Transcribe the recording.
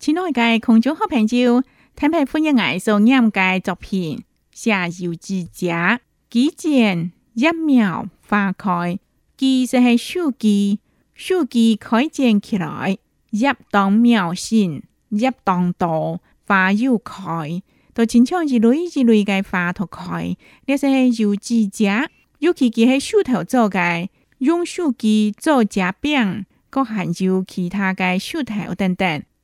親愛嘅空中好朋友，特別歡迎 𠊎 所念嘅作品《夏油紙遮》，幾剪一苗花開，其實係樹枝，樹枝開剪起來，一當苗信，一當朵花又開，到前場一蕊一蕊嘅花都開，呢些油紙遮尤其佢係手頭做嘅，用樹枝做遮柄，或參有其他嘅手頭等等。